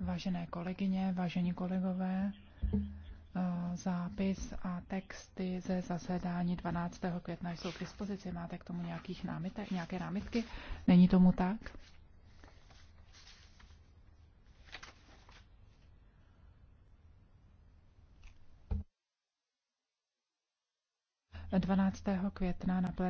Vážené kolegyně, vážení kolegové, eh, zápis a texty ze zasedání 12. května jsou k dispozici. Máte k tomu nějakých námitek, nějaké námitky? Není tomu tak? 12. května na plen-